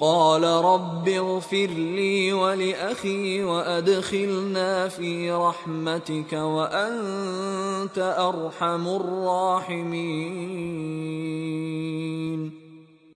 قال رب اغفر لي ولاخي وادخلنا في رحمتك وانت ارحم الراحمين